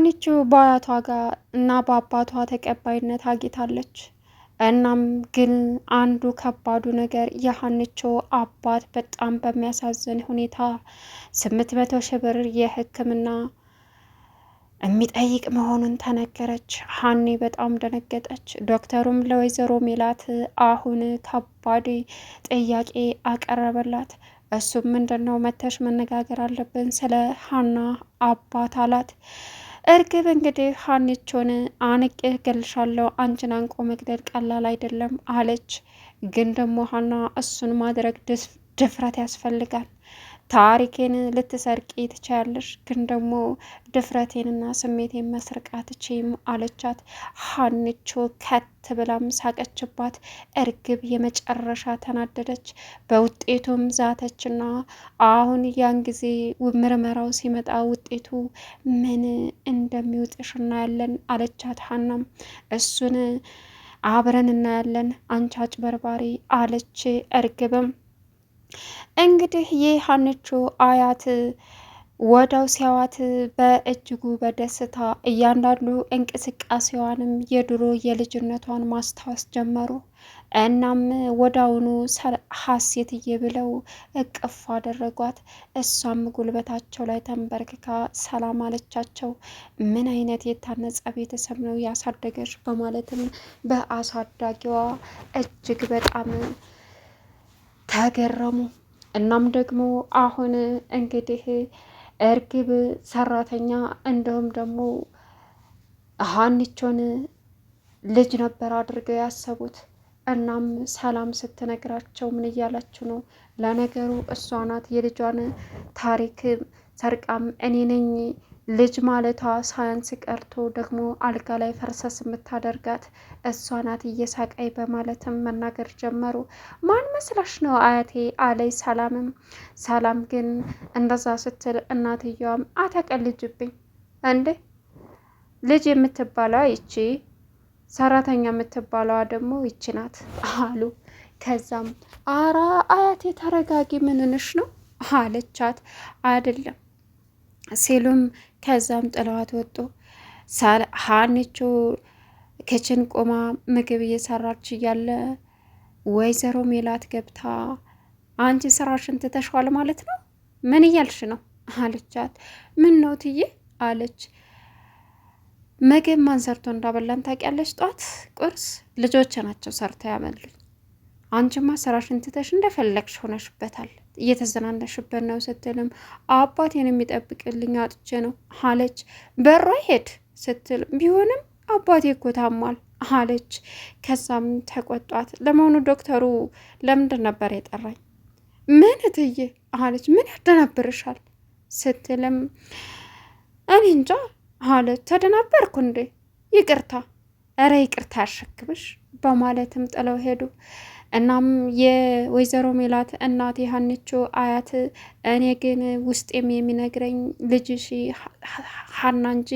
ሀኒቾ በአያቷ ጋር እና በአባቷ ተቀባይነት አግኝታለች። እናም ግን አንዱ ከባዱ ነገር የሀኒቾ አባት በጣም በሚያሳዝን ሁኔታ ስምንት መቶ ሺህ ብር የሕክምና የሚጠይቅ መሆኑን ተነገረች። ሀኒ በጣም ደነገጠች። ዶክተሩም ለወይዘሮ ሜላት አሁን ከባድ ጥያቄ አቀረበላት። እሱም ምንድን ነው መተሽ መነጋገር አለብን ስለ ሀና አባት አላት። እርግብ እንግዲህ ሀኒቾን አንቄ እገልሻለሁ፣ አንቺን አንቆ መግደል ቀላል አይደለም አለች። ግን ደግሞ ሀና እሱን ማድረግ ድፍረት ያስፈልጋል ታሪኬን ልትሰርቂ ትችያለሽ፣ ግን ደግሞ ድፍረቴንና ስሜቴን መስርቃት ችም አለቻት። ሀንቾ ከት ብላም ሳቀችባት። እርግብ የመጨረሻ ተናደደች፣ በውጤቱም ዛተችና አሁን ያን ጊዜ ምርመራው ሲመጣ ውጤቱ ምን እንደሚውጥሽ እናያለን አለቻት። ሀናም እሱን አብረን እናያለን አንቺ አጭበርባሪ አለች እርግብም እንግዲህ ይህ አንቹ አያት ወዳው ሲያዋት በእጅጉ በደስታ እያንዳንዱ እንቅስቃሴዋንም የድሮ የልጅነቷን ማስታወስ ጀመሩ። እናም ወዳውኑ ሀሴትዬ ብለው እቅፍ አደረጓት። እሷም ጉልበታቸው ላይ ተንበርክካ ሰላም አለቻቸው። ምን አይነት የታነጸ ቤተሰብ ነው ያሳደገች በማለትም በአሳዳጊዋ እጅግ በጣም ተገረሙ። እናም ደግሞ አሁን እንግዲህ እርግብ ሰራተኛ እንደውም ደግሞ ሀኒቾን ልጅ ነበር አድርገው ያሰቡት። እናም ሰላም ስትነግራቸው ምን እያላችሁ ነው? ለነገሩ እሷ ናት የልጇን ታሪክ ሰርቃም እኔ ነኝ ልጅ ማለቷ ሳያንስ ቀርቶ ደግሞ አልጋ ላይ ፈርሰስ የምታደርጋት እሷ ናት እየሳቀይ በማለትም መናገር ጀመሩ። ማን መስላሽ ነው አያቴ አለይ ሰላምም። ሰላም ግን እንደዛ ስትል እናትየዋም አታቀልጅብኝ እንዴ ልጅ የምትባለዋ ይቺ ሰራተኛ የምትባለዋ ደግሞ ይቺ ናት አሉ። ከዛም አራ አያቴ ተረጋጊ፣ ምንንሽ ነው አለቻት። አይደለም ሲሉም ከዛም ጥለዋት ወጡ። ሀኒቾ ክችን ቆማ ምግብ እየሰራች እያለ ወይዘሮ ሜላት ገብታ አንቺ ስራሽን ትተሽዋል ማለት ነው? ምን እያልሽ ነው አለቻት። ምን ነው ትዬ አለች። ምግብ ማን ሰርቶ እንዳበላን ታውቂያለሽ? ጧት ቁርስ ልጆች ናቸው ሰርተው ያመሉኝ። አንቺማ ስራሽን ትተሽ እንደፈለግሽ ሆነሽበታል እየተዘናነሽብን ነው ስትልም አባቴን የሚጠብቅልኝ አጥቼ ነው አለች። በሯ ሄድ ስትል ቢሆንም አባቴ እኮ ታሟል አለች። ከዛም ተቆጧት። ለመሆኑ ዶክተሩ ለምንድን ነበር የጠራኝ? ምን እትዬ አለች። ምን ያደናብርሻል ስትልም እኔ እንጃ አለች። ተደናበርኩ እንዴ? ይቅርታ፣ እረ ይቅርታ ያሸክምሽ በማለትም ጥለው ሄዱ። እናም የወይዘሮ ሜላት እናት የሀንቾ አያት እኔ ግን ውስጤም የሚነግረኝ ልጅሽ ሀና እንጂ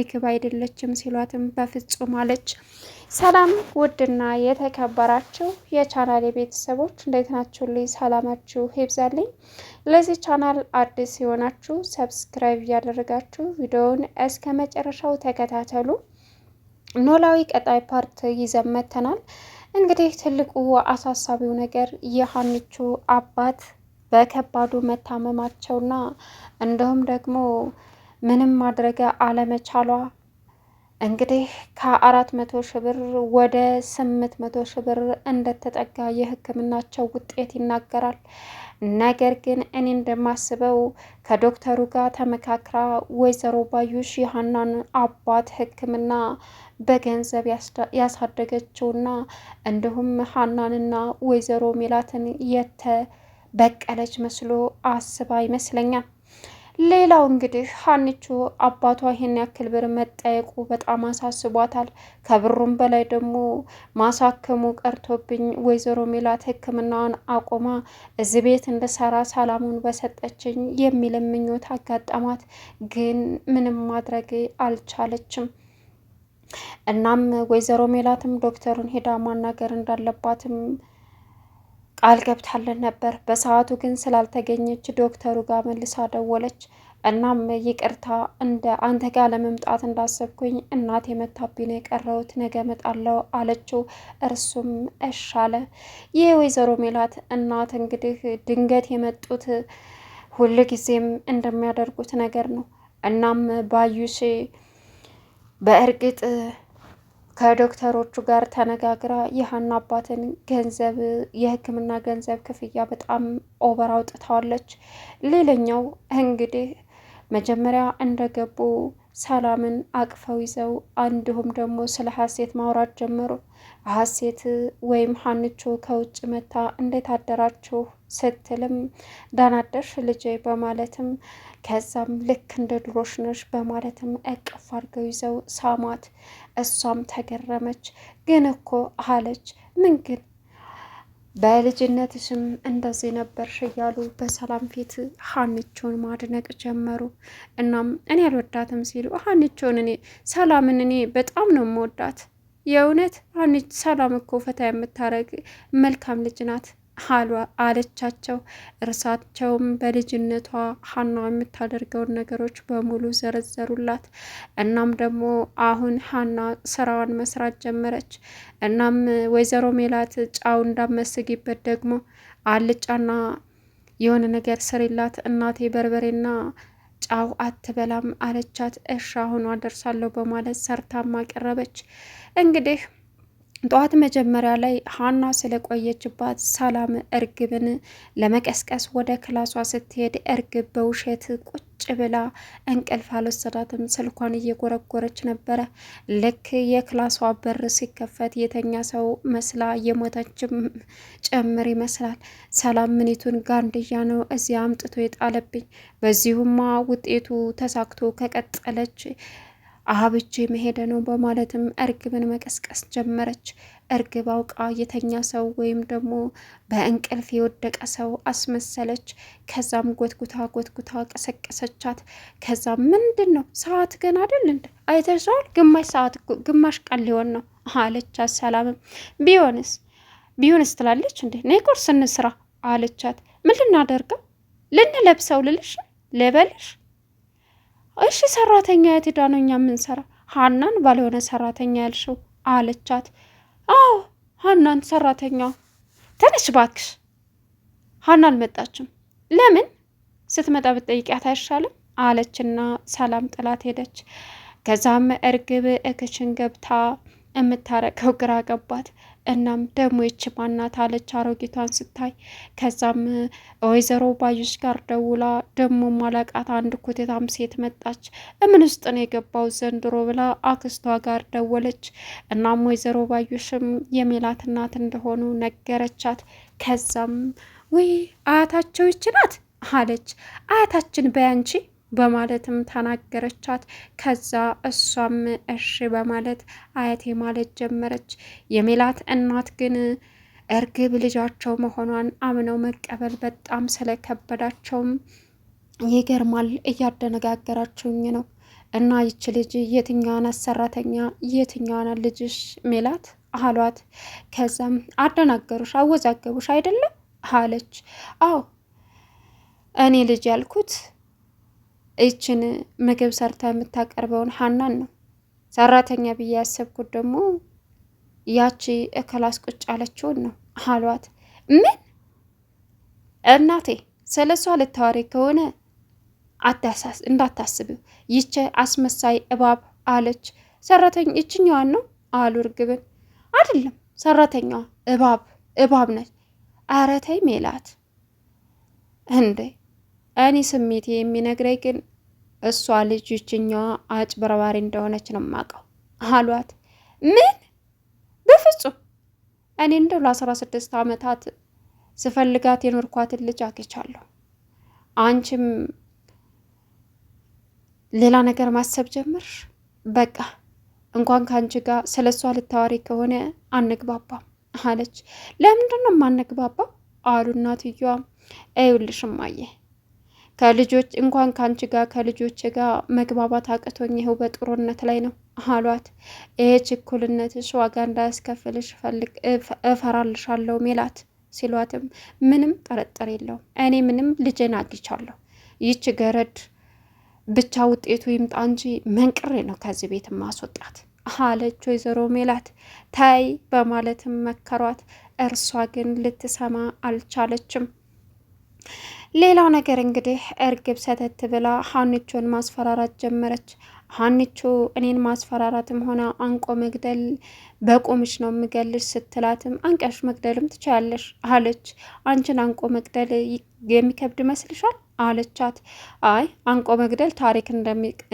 ርግብ አይደለችም ሲሏትም በፍጹም አለች። ሰላም ውድና የተከበራችሁ የቻናል የቤተሰቦች እንዴት ናችሁ? ልይ ሰላማችሁ ይብዛልኝ። ለዚህ ቻናል አዲስ የሆናችሁ ሰብስክራይብ እያደረጋችሁ ቪዲዮውን እስከ መጨረሻው ተከታተሉ። ኖላዊ ቀጣይ ፓርት ይዘመተናል። እንግዲህ ትልቁ አሳሳቢው ነገር የሀኒቹ አባት በከባዱ መታመማቸውና እንደውም ደግሞ ምንም ማድረግ አለመቻሏ እንግዲህ ከአራት መቶ ሺህ ብር ወደ ስምንት መቶ ሺህ ብር እንደተጠጋ የሕክምናቸው ውጤት ይናገራል። ነገር ግን እኔ እንደማስበው ከዶክተሩ ጋር ተመካክራ ወይዘሮ ባዩሽ የሀናን አባት ሕክምና በገንዘብ ያሳደገችውና እንዲሁም ሀናንና ወይዘሮ ሜላትን የተበቀለች መስሎ አስባ ይመስለኛል። ሌላው እንግዲህ ሀኒቾ አባቷ ይህን ያክል ብር መጠየቁ በጣም አሳስቧታል። ከብሩም በላይ ደግሞ ማሳከሙ ቀርቶብኝ ወይዘሮ ሜላት ህክምናውን አቁማ እዚህ ቤት እንድሰራ ሰላሙን በሰጠችኝ የሚል ምኞት አጋጠማት። ግን ምንም ማድረግ አልቻለችም። እናም ወይዘሮ ሜላትም ዶክተሩን ሄዳ ማናገር እንዳለባትም ቃል ገብታለን ነበር። በሰዓቱ ግን ስላልተገኘች ዶክተሩ ጋር መልሳ ደወለች። እናም ይቅርታ እንደ አንተ ጋር ለመምጣት እንዳሰብኩኝ እናቴ መታብኝ የቀረውት የቀረሁት፣ ነገ መጣለው አለችው። እርሱም እሻለ። ይህ ወይዘሮ ሜላት እናት እንግዲህ ድንገት የመጡት ሁል ጊዜም እንደሚያደርጉት ነገር ነው። እናም ባዩሽ በእርግጥ ከዶክተሮቹ ጋር ተነጋግራ የሀና አባትን ገንዘብ የሕክምና ገንዘብ ክፍያ በጣም ኦቨር አውጥታዋለች። ሌላኛው እንግዲህ መጀመሪያ እንደገቡ ሰላምን አቅፈው ይዘው እንዲሁም ደግሞ ስለ ሀሴት ማውራት ጀመሩ። ሀሴት ወይም ሀንቾ ከውጭ መታ እንዴት አደራችሁ ስትልም ዳናደሽ ልጄ በማለትም ከዛም ልክ እንደ ድሮሽ ነሽ በማለትም እቅፍ አድርገው ይዘው ሳማት እሷም ተገረመች። ግን እኮ አለች ምን ግን በልጅነትሽም እንደዚህ ነበርሽ እያሉ በሰላም ፊት ሀንቾን ማድነቅ ጀመሩ። እናም እኔ አልወዳትም ሲሉ ሀንቾን እኔ ሰላምን እኔ በጣም ነው የምወዳት የእውነት ሰላም እኮ ፈታ የምታረግ መልካም ልጅ ናት አለቻቸው። እርሳቸውም በልጅነቷ ሀና የምታደርገውን ነገሮች በሙሉ ዘረዘሩላት። እናም ደግሞ አሁን ሀና ስራዋን መስራት ጀመረች። እናም ወይዘሮ ሜላት ጫው እንዳመስጊበት ደግሞ አልጫና የሆነ ነገር ስሪላት እናቴ በርበሬና ጫው አትበላም አለቻት። እሺ አሁኗ ደርሳለሁ በማለት ሰርታም አቀረበች እንግዲህ ጠዋት መጀመሪያ ላይ ሀና ስለቆየችባት ሰላም እርግብን ለመቀስቀስ ወደ ክላሷ ስትሄድ እርግብ በውሸት ቁጭ ብላ እንቅልፍ አልወሰዳትም። ስልኳን እየጎረጎረች ነበረ። ልክ የክላሷ በር ሲከፈት የተኛ ሰው መስላ የሞተችም ጭምር ይመስላል። ሰላም ምኒቱን ጋንድያ ነው እዚያ አምጥቶ የጣለብኝ፣ በዚሁማ ውጤቱ ተሳክቶ ከቀጠለች አሀብቼ መሄደ ነው በማለትም እርግብን መቀስቀስ ጀመረች። እርግብ አውቃ የተኛ ሰው ወይም ደግሞ በእንቅልፍ የወደቀ ሰው አስመሰለች። ከዛም ጎትጉታ ጎትጉታ ቀሰቀሰቻት። ከዛ ምንድን ነው ሰዓት ገና አይደል እንደ አይተሽዋል፣ ግማሽ ሰዓት ግማሽ ቀን ሊሆን ነው አለቻት። ሰላምም ቢሆንስ ቢሆንስ ትላለች እንዴ ነይ ቁርስ እንስራ አለቻት። ምን ልናደርገው ልንለብሰው ልልሽ ልበልሽ እሺ ሰራተኛ የት ሄዳ ነው እኛ የምንሰራ? ሀናን ባልሆነ ሰራተኛ ያልሽው አለቻት። አዎ ሀናን ሰራተኛ። ተነሽ ባክሽ። ሀና አልመጣችም። ለምን ስትመጣ ብትጠይቂያት አይሻልም? አለችና ሰላም ጥላት ሄደች። ከዛም እርግብ እክችን ገብታ የምታረቀው ግራ ገባት። እናም ደግሞ ይች ማናት አለች አሮጊቷን ስታይ። ከዛም ወይዘሮ ባዩሽ ጋር ደውላ ደግሞ ማለቃት አንድ ኮቴታም ሴት መጣች፣ እምን ውስጥ ነው የገባው ዘንድሮ ብላ አክስቷ ጋር ደወለች። እናም ወይዘሮ ባዩሽም የሜላት እናት እንደሆኑ ነገረቻት። ከዛም ውይ አያታቸው ይችናት አለች። አያታችን በያንቺ በማለትም ተናገረቻት። ከዛ እሷም እሺ በማለት አያቴ ማለት ጀመረች። የሜላት እናት ግን እርግብ ልጃቸው መሆኗን አምነው መቀበል በጣም ስለከበዳቸውም ይገርማል እያደነጋገራችሁኝ ነው እና ይች ልጅ የትኛዋ ሰራተኛ የትኛዋ ልጅሽ ሜላት አሏት ከዛም አደናገሩሽ አወዛገቡሽ አይደለም አለች አዎ እኔ ልጅ ያልኩት ይችን ምግብ ሰርታ የምታቀርበውን ሀናን ነው። ሰራተኛ ብዬ ያሰብኩት ደግሞ ያቺ እከላስ ቁጭ ያለችውን ነው አሏት። ምን እናቴ ስለ እሷ ልታወሪ ከሆነ እንዳታስቢው ይቼ አስመሳይ እባብ አለች። ሰራተኛ ይችኛዋን ነው አሉ እርግብን። አይደለም ሰራተኛዋ እባብ እባብ ነች። አረተይ ሜላት እንዴ እኔ ስሜቴ የሚነግረኝ ግን እሷ ልጅ ይችኛዋ አጭበርባሪ እንደሆነች ነው የማውቀው አሏት። ምን? በፍጹም እኔ እንደው ለአስራ ስድስት ዓመታት ስፈልጋት የኖርኳትን ልጅ አግኝቻለሁ። አንቺም ሌላ ነገር ማሰብ ጀምር? በቃ እንኳን ከአንቺ ጋር ስለ እሷ ልታዋሪ ከሆነ አንግባባም አለች። ለምንድን ነው የማንግባባው? አሉ እናትየዋ። ይኸውልሽ እማዬ ከልጆች እንኳን ከአንቺ ጋር ከልጆች ጋር መግባባት አቅቶኝ ይኸው በጥሩነት ላይ ነው አሏት። ይሄ ችኩልነትሽ ዋጋ እንዳያስከፍልሽ እፈራልሻለሁ ሜላት ሲሏትም ምንም ጥርጥር የለውም እኔ ምንም ልጄን አግኝቻለሁ። ይች ገረድ ብቻ ውጤቱ ይምጣ እንጂ መንቅሬ ነው ከዚህ ቤት ማስወጣት አለች ወይዘሮ ሜላት ታይ በማለትም መከሯት። እርሷ ግን ልትሰማ አልቻለችም። ሌላው ነገር እንግዲህ እርግብ ሰተት ብላ ሀንቾን ማስፈራራት ጀመረች። ሀንቾ እኔን ማስፈራራትም ሆነ አንቆ መግደል በቁምሽ ነው የምገልሽ ስትላትም አንቀሽ መግደልም ትችያለሽ አለች። አንቺን አንቆ መግደል የሚከብድ መስልሻል አለቻት። አይ አንቆ መግደል ታሪክ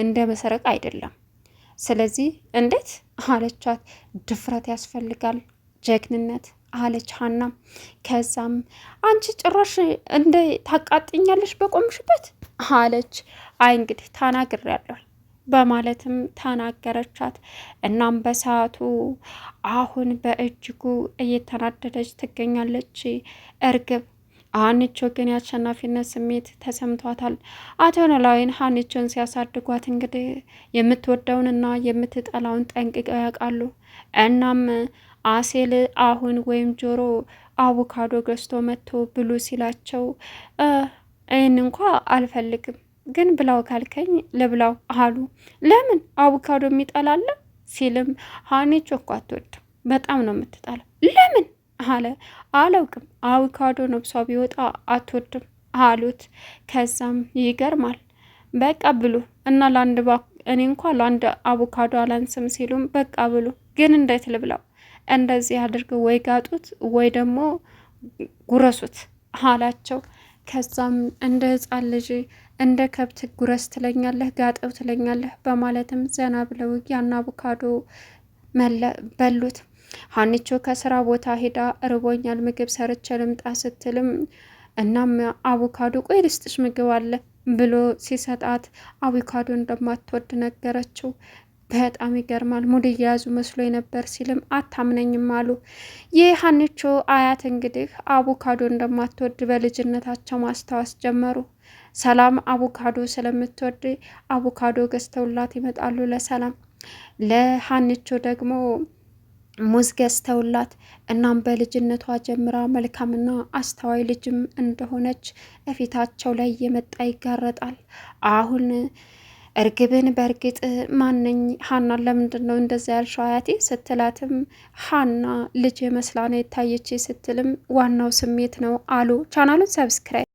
እንደ መሰረቅ አይደለም። ስለዚህ እንዴት አለቻት። ድፍረት ያስፈልጋል ጀግንነት አለች ሀና። ከዛም አንቺ ጭራሽ እንደ ታቃጥኛለሽ በቆምሽበት አለች። አይ እንግዲህ ተናግሬያለሁ በማለትም ተናገረቻት። እናም በሰዓቱ አሁን በእጅጉ እየተናደደች ትገኛለች እርግብ። ሀኒቾ ግን የአሸናፊነት ስሜት ተሰምቷታል። አቶ ኖላዊን ሀኒቾን ሲያሳድጓት እንግዲህ የምትወደውንና የምትጠላውን ጠንቅቀው ያውቃሉ። እናም አሴል አሁን ወይም ጆሮ አቮካዶ ገዝቶ መጥቶ ብሉ ሲላቸው ይህን እንኳ አልፈልግም ግን ብላው ካልከኝ ልብላው አሉ። ለምን አቮካዶ የሚጠላለ ሲልም ሀኔች እኮ አትወድም፣ በጣም ነው የምትጠላው። ለምን አለ። አላውቅም አቮካዶ ነብሷ ቢወጣ አትወድም አሉት። ከዛም ይገርማል በቃ ብሉ እና ለአንድ እኔ እንኳ ለአንድ አቮካዶ አላንስም ሲሉም በቃ ብሉ ግን እንዴት ልብላው እንደዚህ አድርገው ወይ ጋጡት ወይ ደግሞ ጉረሱት አላቸው። ከዛም እንደ ህፃን ልጅ እንደ ከብት ጉረስ ትለኛለህ፣ ጋጠው ትለኛለህ በማለትም ዘና ብለው ያን አቮካዶ በሉት። ሀኒቾ ከስራ ቦታ ሄዳ እርቦኛል ምግብ ሰርቼ ልምጣ ስትልም እናም አቮካዶ ቆይ ልስጥሽ ምግብ አለ ብሎ ሲሰጣት አቮካዶ እንደማትወድ ነገረችው። በጣም ይገርማል ሙድ እየያዙ መስሎ ነበር ሲልም አታምነኝም አሉ። ይህ ሀንቾ አያት እንግዲህ አቮካዶ እንደማትወድ በልጅነታቸው ማስታወስ ጀመሩ። ሰላም አቮካዶ ስለምትወድ አቮካዶ ገዝተውላት ይመጣሉ ለሰላም። ለሀንቾ ደግሞ ሙዝ ገዝተውላት እናም በልጅነቷ ጀምራ መልካምና አስተዋይ ልጅም እንደሆነች እፊታቸው ላይ የመጣ ይጋረጣል አሁን እርግብን በእርግጥ ማነኝ ሀናን ለምንድን ነው እንደዚ ያልሸው አያቴ ስትላትም ሀና ልጅ መስላ ነው የታየች ስትልም ዋናው ስሜት ነው አሉ። ቻናሉን ሰብስክራይብ